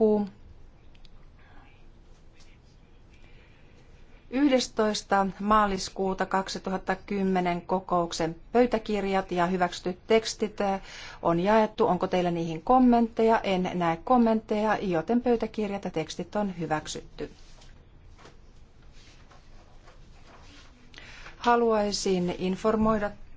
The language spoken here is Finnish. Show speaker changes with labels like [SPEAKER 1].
[SPEAKER 1] jatkuu. 11. maaliskuuta 2010 kokouksen pöytäkirjat ja hyväksytyt tekstit eh, on jaettu. Onko teillä niihin kommentteja? En näe kommentteja, joten pöytäkirjat ja tekstit on hyväksytty. Haluaisin informoida